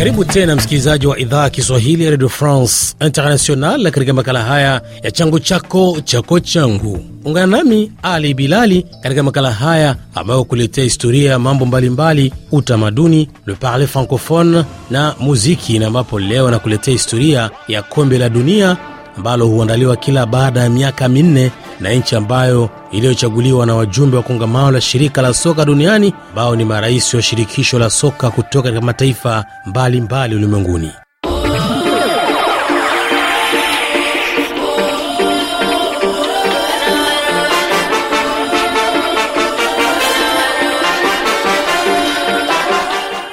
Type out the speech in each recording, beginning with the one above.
Karibu tena msikilizaji wa idhaa ya Kiswahili ya Radio France International katika makala haya ya changu chako chako changu. Ungana nami Ali Bilali katika makala haya ambayo kuletea historia ya mambo mbalimbali, utamaduni, le parler francophone na muziki, na ambapo leo nakuletea historia ya kombe la dunia ambalo huandaliwa kila baada ya miaka minne na nchi ambayo iliyochaguliwa na wajumbe wa kongamano la shirika la soka duniani ambao ni marais wa shirikisho la soka kutoka katika mataifa mbalimbali ulimwenguni.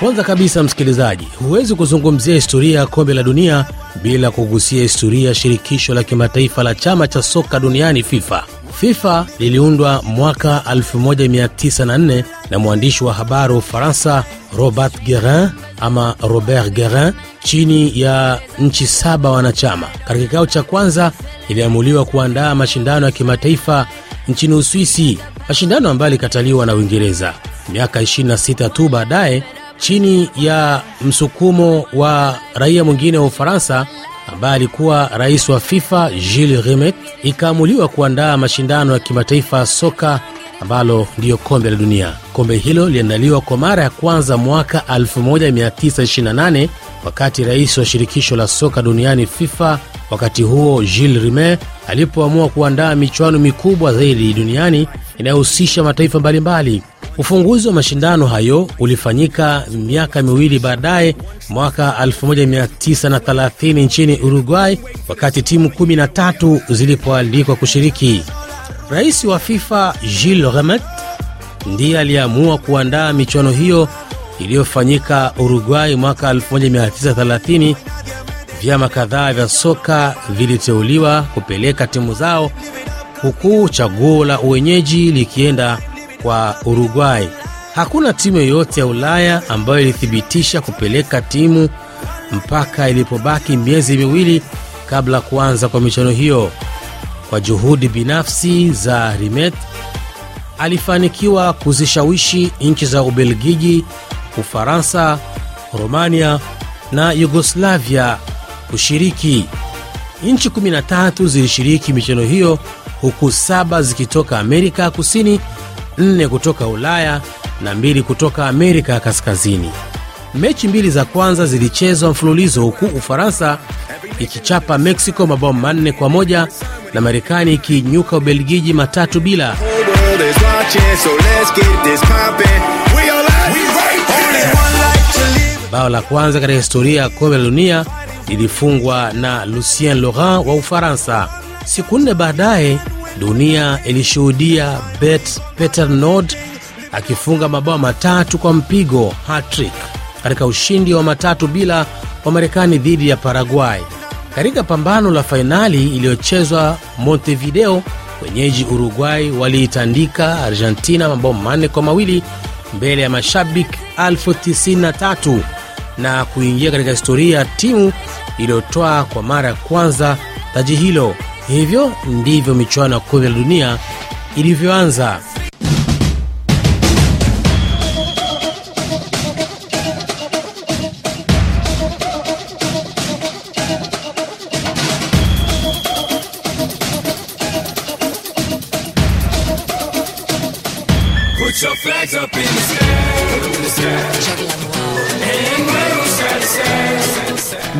Kwanza kabisa, msikilizaji, huwezi kuzungumzia historia ya kombe la dunia bila kugusia historia ya shirikisho la kimataifa la chama cha soka duniani FIFA. FIFA liliundwa mwaka 1904 na, na mwandishi wa habari wa Ufaransa Robert Guerin ama Robert Guerin chini ya nchi saba wanachama. Katika kikao cha kwanza iliamuliwa kuandaa mashindano ya kimataifa nchini Uswisi, mashindano ambayo yalikataliwa na Uingereza. Miaka 26 tu baadaye chini ya msukumo wa raia mwingine wa Ufaransa ambaye alikuwa rais wa FIFA Gilles Rimet, ikaamuliwa kuandaa mashindano ya kimataifa soka ambalo ndiyo kombe la dunia. Kombe hilo liliandaliwa kwa mara ya kwanza mwaka 1928 wakati rais wa shirikisho la soka duniani FIFA wakati huo Gilles Rimet alipoamua kuandaa michuano mikubwa zaidi duniani inayohusisha mataifa mbalimbali mbali. Ufunguzi wa mashindano hayo ulifanyika miaka miwili baadaye mwaka 1930 nchini Uruguay, wakati timu 13 zilipoalikwa kushiriki. Rais wa FIFA Gilles Remet ndiye aliyeamua kuandaa michuano hiyo iliyofanyika Uruguay mwaka 1930. Vyama kadhaa vya soka viliteuliwa kupeleka timu zao, huku chaguo la uwenyeji likienda kwa Uruguay. Hakuna timu yoyote ya Ulaya ambayo ilithibitisha kupeleka timu mpaka ilipobaki miezi miwili kabla ya kuanza kwa michuano hiyo. Kwa juhudi binafsi za Rimet, alifanikiwa kuzishawishi nchi za Ubelgiji, Ufaransa, Romania na Yugoslavia kushiriki. Nchi 13 zilishiriki michuano hiyo, huku saba zikitoka Amerika Kusini nne kutoka Ulaya na mbili kutoka Amerika ya Kaskazini. Mechi mbili za kwanza zilichezwa mfululizo, huku Ufaransa ikichapa Meksiko mabao manne kwa moja na Marekani ikinyuka Ubelgiji matatu bila. Bao la kwanza katika historia ya kombe la dunia lilifungwa na Lucien Laurent wa Ufaransa. Siku nne baadaye Dunia ilishuhudia Bet Peternod akifunga mabao matatu kwa mpigo hatrick katika ushindi wa matatu bila wa Marekani dhidi ya Paraguay katika pambano la fainali iliyochezwa Montevideo. Wenyeji Uruguay waliitandika Argentina mabao manne kwa mawili mbele ya mashabiki 93 na na kuingia katika historia ya timu iliyotoa kwa mara ya kwanza taji hilo. Hivyo ndivyo michuano ya kombe la dunia ilivyoanza. Put your flags up.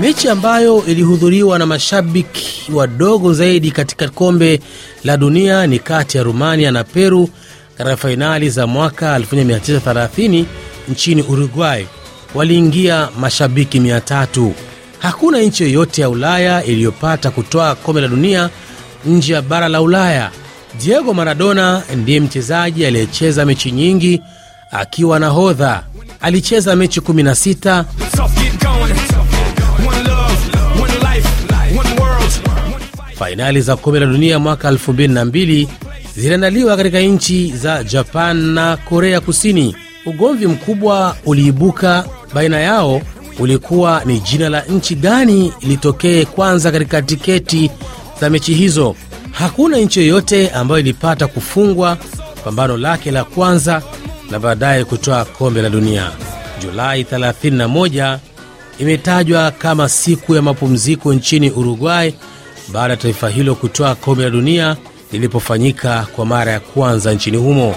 mechi ambayo ilihudhuriwa na mashabiki wadogo zaidi katika kombe la dunia ni kati ya Rumania na Peru katika fainali za mwaka 1930 nchini Uruguay waliingia mashabiki 300. Hakuna nchi yoyote ya Ulaya iliyopata kutoa kombe la dunia nje ya bara la Ulaya. Diego Maradona ndiye mchezaji aliyecheza mechi nyingi akiwa na hodha Alicheza mechi 16 Fainali za kombe la dunia mwaka 2002 ziliandaliwa katika nchi za Japan na Korea Kusini. Ugomvi mkubwa uliibuka baina yao ulikuwa ni jina la nchi gani litokee kwanza katika tiketi za mechi hizo. Hakuna nchi yoyote ambayo ilipata kufungwa pambano lake la kwanza na baadaye kutoa kombe la dunia. Julai 31 imetajwa kama siku ya mapumziko nchini Uruguay baada ya taifa hilo kutoa kombe la dunia lilipofanyika kwa mara ya kwanza nchini humo.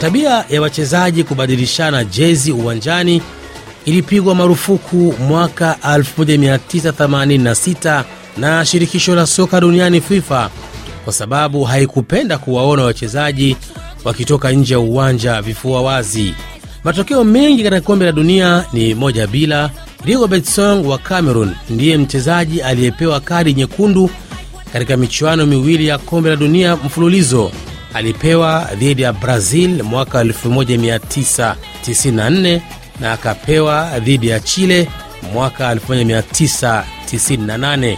Tabia ya wachezaji kubadilishana jezi uwanjani ilipigwa marufuku mwaka 1986 na shirikisho la soka duniani FIFA kwa sababu haikupenda kuwaona wachezaji wakitoka nje ya uwanja vifua wazi. Matokeo mengi katika kombe la dunia ni moja bila. Rigobert Song wa cameron ndiye mchezaji aliyepewa kadi nyekundu katika michuano miwili ya kombe la dunia mfululizo. Alipewa dhidi ya Brazil mwaka 1994 na akapewa dhidi ya Chile mwaka 1998.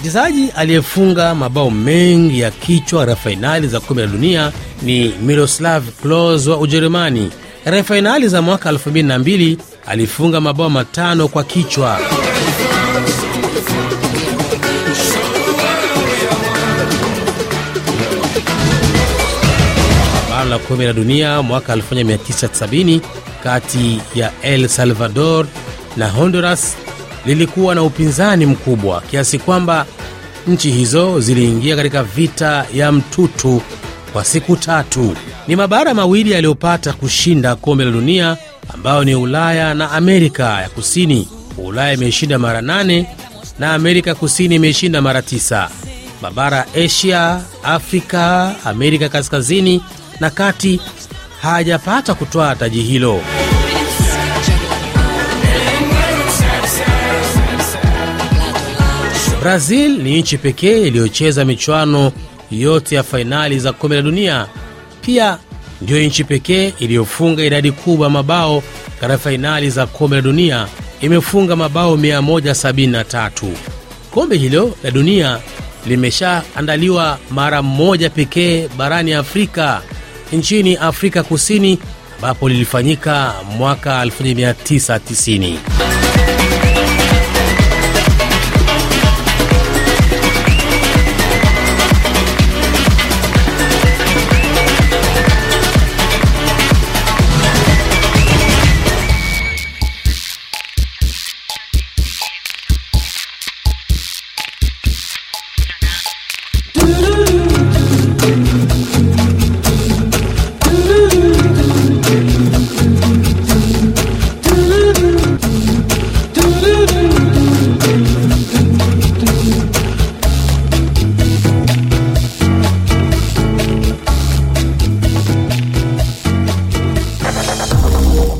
Mchezaji aliyefunga mabao mengi ya kichwa katika fainali za kombe la dunia ni Miroslav klos wa Ujerumani katika fainali za mwaka 2002 alifunga mabao matano kwa kichwa. Bara la kombe la dunia mwaka 1970 kati ya El Salvador na Honduras lilikuwa na upinzani mkubwa kiasi kwamba nchi hizo ziliingia katika vita ya mtutu kwa siku tatu. Ni mabara mawili yaliyopata kushinda kombe la dunia ambayo ni Ulaya na Amerika ya Kusini. Ulaya imeshinda mara nane na Amerika Kusini imeshinda mara tisa. Mabara ya Asia, Afrika, Amerika Kaskazini na Kati hayajapata kutoa taji hilo. Brazil ni nchi pekee iliyocheza michuano yote ya fainali za kombe la dunia pia ndiyo nchi pekee iliyofunga idadi kubwa mabao katika fainali za kombe la dunia, imefunga mabao 173. Kombe hilo la dunia limeshaandaliwa mara moja pekee barani Afrika, nchini Afrika Kusini, ambapo lilifanyika mwaka 1990.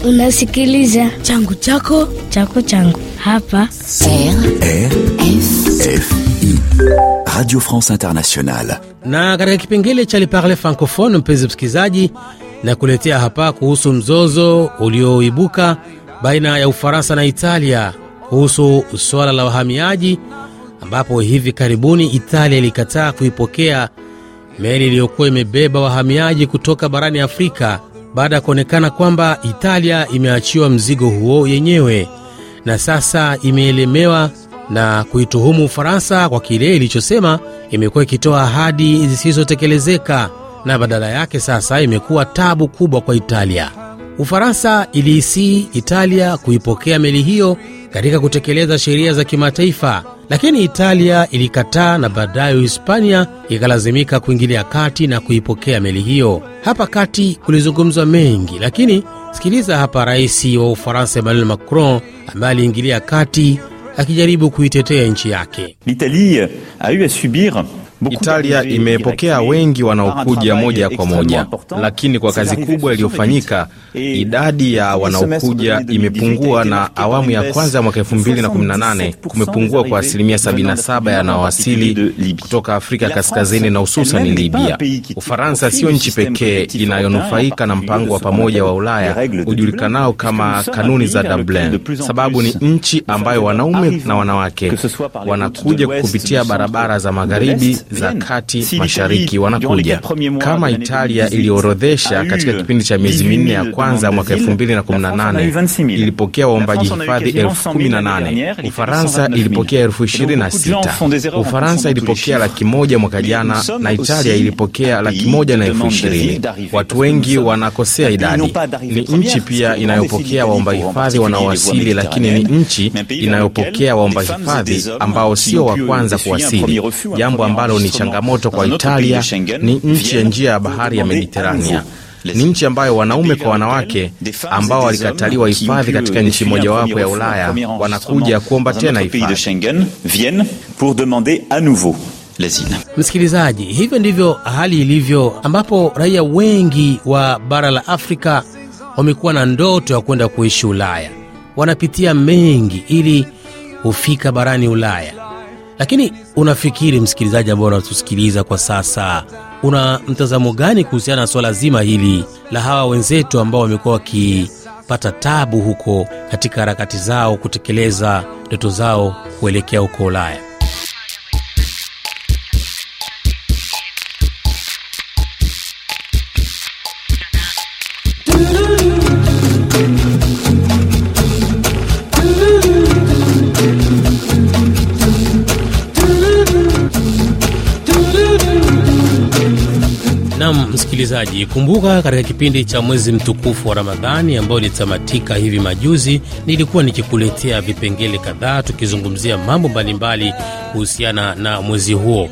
Unasikiliza changu chako chako changu hapa RFI. Radio France Internationale. Na katika kipengele cha Liparle Francophone, mpenzi msikilizaji, na kuletea hapa kuhusu mzozo ulioibuka baina ya Ufaransa na Italia kuhusu suala la wahamiaji, ambapo hivi karibuni Italia ilikataa kuipokea meli iliyokuwa imebeba wahamiaji kutoka barani Afrika baada ya kuonekana kwamba Italia imeachiwa mzigo huo yenyewe na sasa imeelemewa na kuituhumu Ufaransa kwa kile ilichosema imekuwa ikitoa ahadi zisizotekelezeka na badala yake sasa imekuwa tabu kubwa kwa Italia. Ufaransa iliisii Italia kuipokea meli hiyo katika kutekeleza sheria za kimataifa, lakini Italia ilikataa na baadaye Uhispania ikalazimika kuingilia kati na kuipokea meli hiyo. Hapa kati kulizungumzwa mengi, lakini sikiliza hapa rais wa Ufaransa Emmanuel Macron ambaye aliingilia kati akijaribu kuitetea nchi yake. L'Italie a eu à subir Italia imepokea wengi wanaokuja moja kwa moja, lakini kwa kazi kubwa iliyofanyika, idadi ya wanaokuja imepungua, na awamu ya kwanza ya mwaka 2018 kumepungua kwa asilimia 77 yanaowasili kutoka Afrika Kaskazini na hususan Libya. Ufaransa siyo nchi pekee inayonufaika na mpango wa pamoja wa Ulaya ujulikanao kama kanuni za Dublin, sababu ni nchi ambayo wanaume na wanawake wanakuja kupitia barabara za magharibi za kati mashariki wanakuja kama Italia iliyoorodhesha katika kipindi cha miezi minne ya kwanza mwaka 2018 ilipokea waombaji hifadhi elfu 18. Ufaransa ilipokea elfu 26. Ufaransa ilipokea laki moja mwaka jana na Italia ilipokea laki moja na elfu ishirini Watu wengi wanakosea idadi. Ni nchi pia inayopokea waomba hifadhi wanaowasili, lakini ni nchi inayopokea waomba hifadhi ambao sio wa kwanza kuwasili, jambo ambalo ambalo ni changamoto kwa Italia ni nchi ya njia ya bahari ya Mediterania ni nchi ambayo wanaume kwa wanawake ambao walikataliwa hifadhi katika nchi mojawapo ya Ulaya wanakuja kuomba tena hifadhi. Msikilizaji, hivyo ndivyo hali ilivyo, ambapo raia wengi wa bara la Afrika wamekuwa na ndoto ya kwenda kuishi Ulaya. Wanapitia mengi ili hufika barani Ulaya lakini unafikiri msikilizaji ambao unatusikiliza kwa sasa una mtazamo gani kuhusiana na swala zima hili la hawa wenzetu ambao wamekuwa wakipata tabu huko katika harakati zao kutekeleza ndoto zao kuelekea huko Ulaya? msikilizaji, kumbuka katika kipindi cha mwezi mtukufu wa Ramadhani ambayo ilitamatika hivi majuzi, nilikuwa nikikuletea vipengele kadhaa tukizungumzia mambo mbalimbali kuhusiana na mwezi huo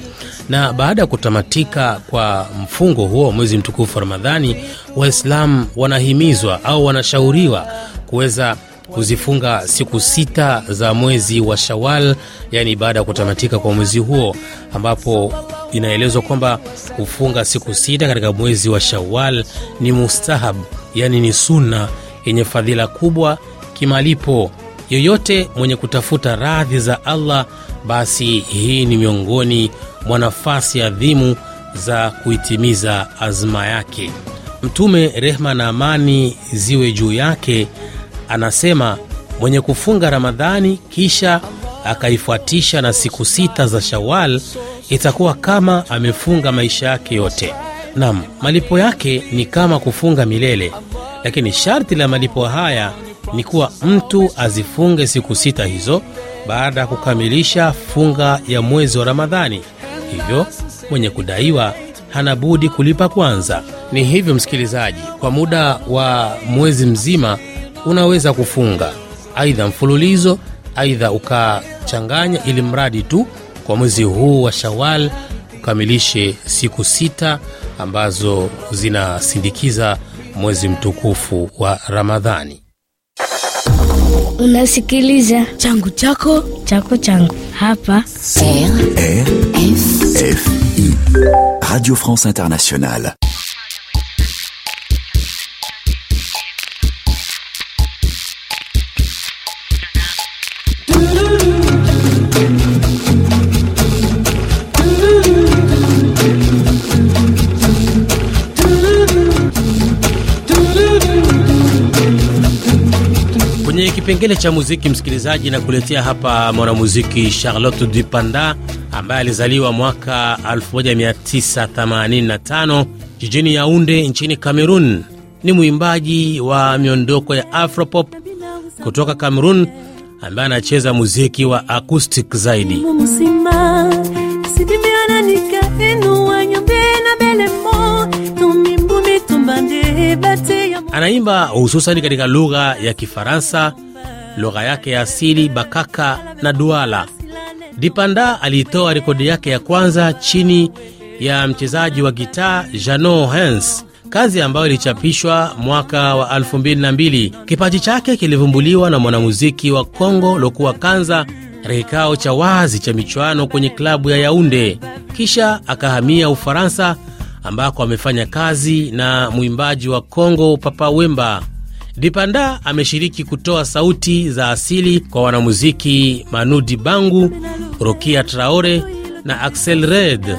na baada ya kutamatika kwa mfungo huo mwezi mtukufu wa Ramadhani, Waislamu wanahimizwa au wanashauriwa kuweza kuzifunga siku sita za mwezi wa Shawal, yaani baada ya kutamatika kwa mwezi huo, ambapo inaelezwa kwamba kufunga siku sita katika mwezi wa Shawal ni mustahab, yaani ni sunna yenye fadhila kubwa kimalipo. Yoyote mwenye kutafuta radhi za Allah, basi hii ni miongoni mwa nafasi adhimu za kuitimiza azma yake. Mtume, rehma na amani ziwe juu yake, anasema mwenye kufunga Ramadhani kisha akaifuatisha na siku sita za Shawal itakuwa kama amefunga maisha yake yote. Nam, malipo yake ni kama kufunga milele, lakini sharti la malipo haya ni kuwa mtu azifunge siku sita hizo baada ya kukamilisha funga ya mwezi wa Ramadhani. Hivyo mwenye kudaiwa hana budi kulipa kwanza. Ni hivyo msikilizaji, kwa muda wa mwezi mzima unaweza kufunga aidha mfululizo aidha ukachanganya, ili mradi tu kwa mwezi huu wa Shawal ukamilishe siku sita ambazo zinasindikiza mwezi mtukufu wa Ramadhani. Unasikiliza changu chako chako changu hapa Radio France Internationale. kipengele cha muziki, msikilizaji, na kuletea hapa mwanamuziki Charlotte Dupanda ambaye alizaliwa mwaka 1985 jijini Yaunde nchini Cameroon. Ni mwimbaji wa miondoko ya afropop kutoka Cameroon ambaye anacheza muziki wa acoustic zaidi. Anaimba hususani katika lugha ya Kifaransa, lugha yake ya asili Bakaka na Duala. Dipanda aliitoa rekodi yake ya kwanza chini ya mchezaji wa gitaa Jano Hens, kazi ambayo ilichapishwa mwaka wa 2002. Kipaji chake kilivumbuliwa na mwanamuziki wa Kongo Lokuwa Kanza katika kikao cha wazi cha michuano kwenye klabu ya Yaunde, kisha akahamia Ufaransa ambako amefanya kazi na mwimbaji wa Kongo Papa Wemba. Dipanda ameshiriki kutoa sauti za asili kwa wanamuziki Manudi Bangu, Rokia Traore na Axel Red.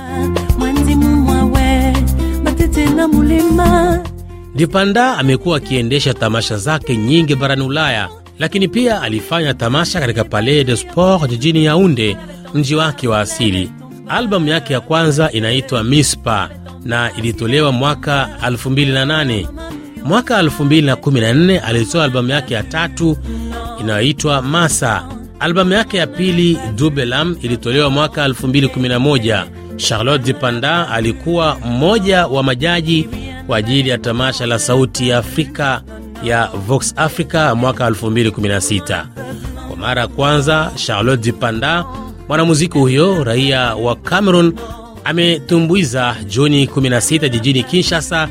Dipanda amekuwa akiendesha tamasha zake nyingi barani Ulaya, lakini pia alifanya tamasha katika Palais de sport jijini yaunde mji wake wa asili. Albamu yake ya kwanza inaitwa Mispa na ilitolewa mwaka 2008. Mwaka 2014 alitoa albamu yake ya tatu inayoitwa Masa. Albamu yake ya pili Dubelam ilitolewa mwaka 2011. Charlotte Dipanda alikuwa mmoja wa majaji kwa ajili ya tamasha la Sauti ya Afrika ya Vox Africa mwaka 2016. Kwa mara ya kwanza, Charlotte Dipanda, mwanamuziki huyo raia wa Cameroon, ametumbuiza Juni 16 jijini Kinshasa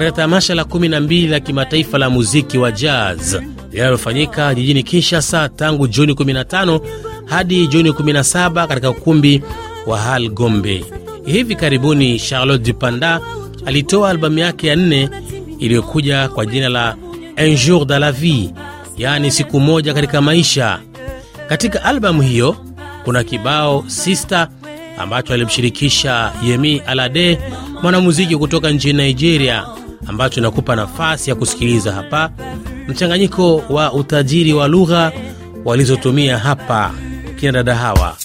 katika tamasha la 12 la kimataifa la muziki wa jazz linalofanyika jijini Kinshasa tangu Juni 15 hadi Juni 17 katika ukumbi wa Hal Gombe. Hivi karibuni Charlotte Dupanda alitoa albamu yake ya nne iliyokuja kwa jina la Un jour dans la vie, yaani siku moja katika maisha. Katika albamu hiyo kuna kibao Sister ambacho alimshirikisha Yemi Alade, mwanamuziki kutoka nchini Nigeria ambacho inakupa nafasi ya kusikiliza hapa mchanganyiko wa utajiri wa lugha walizotumia hapa kina dada hawa.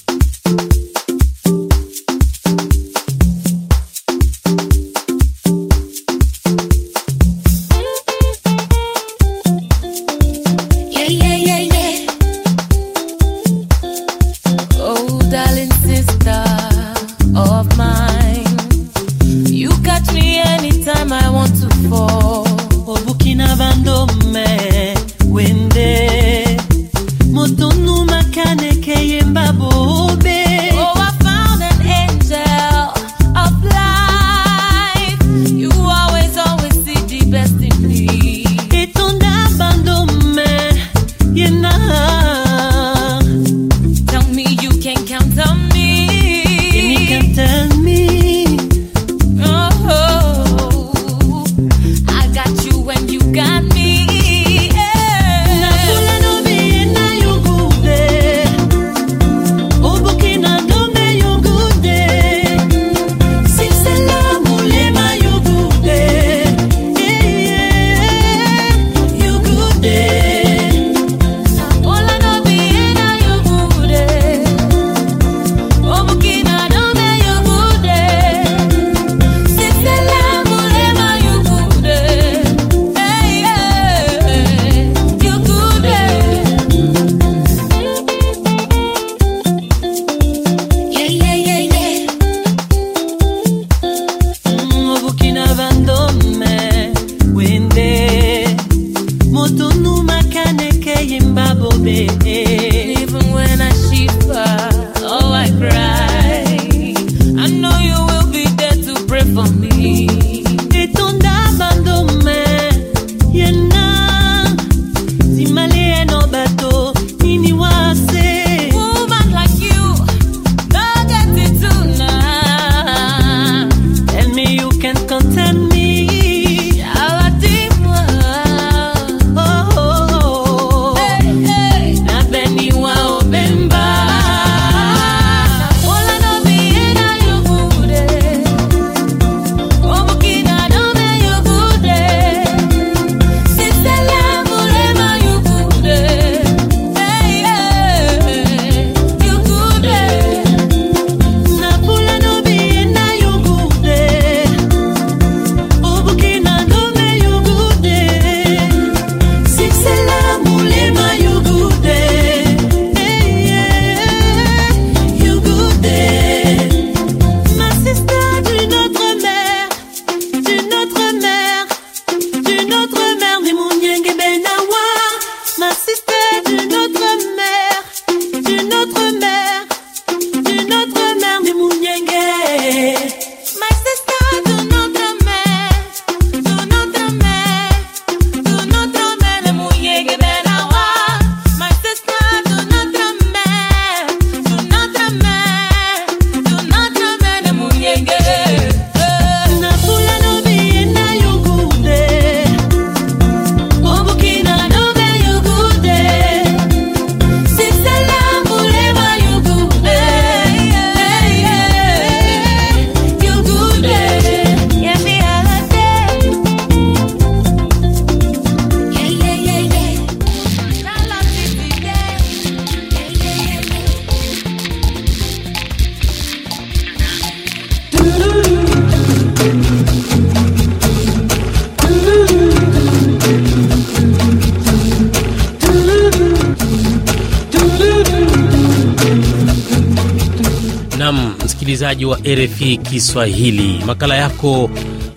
msikilizaji wa RFI Kiswahili. Makala yako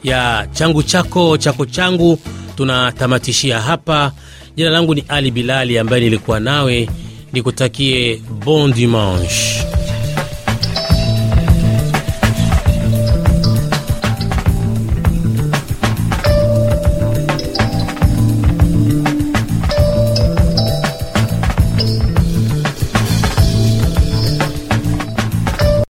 ya changu chako chako changu tunatamatishia hapa. Jina langu ni Ali Bilali ambaye nilikuwa nawe, nikutakie bon dimanche.